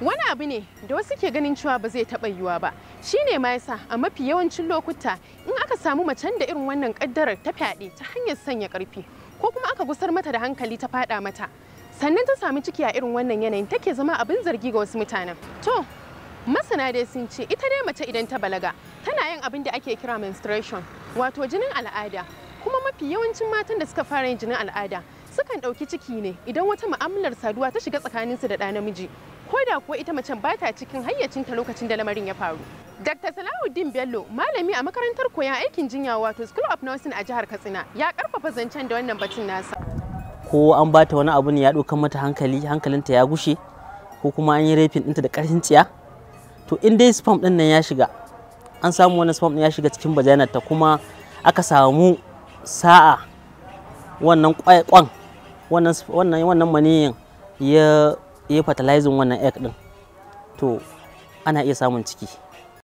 wani abu ne da wasu ke ganin cewa ba zai taɓa yiwuwa ba shine ma yasa a mafi yawancin lokuta in aka samu macen da irin wannan kaddarar ta fyaɗe ta hanyar sanya ƙarfi ko kuma aka gusar mata da hankali ta faɗa mata sannan ta samu ciki a irin wannan yanayin take zama abin zargi ga wasu mutanen to masana dai sun ce ita dai mace idan ta balaga tana yin abin da ake kira menstruation wato jinin al'ada kuma mafi yawancin matan da suka fara yin jinin al'ada sukan ɗauki ciki ne idan wata mu'amalar saduwa ta shiga tsakaninsu da ɗa namiji da kuwa ita macen ba ta cikin hayyacinta lokacin da lamarin ya faru. Dr. Salahuddin Bello, malami a makarantar koyan aikin jinya wato School of Nursing a jihar Katsina, ya karfafa zancen da wannan batun nasa. Ko an bata wani abu ne ya ɗaukan mata hankali, hankalinta ya gushe, ko kuma an yi rafin ɗinta da ƙarfin tsiya. To in dai sperm ɗin nan ya shiga, an samu wani sperm ɗin ya shiga cikin bajanar ta kuma aka samu sa'a wannan ƙwaƙwan wannan wannan maniyin ya ya fertilizing wannan egg din to ana iya samun ciki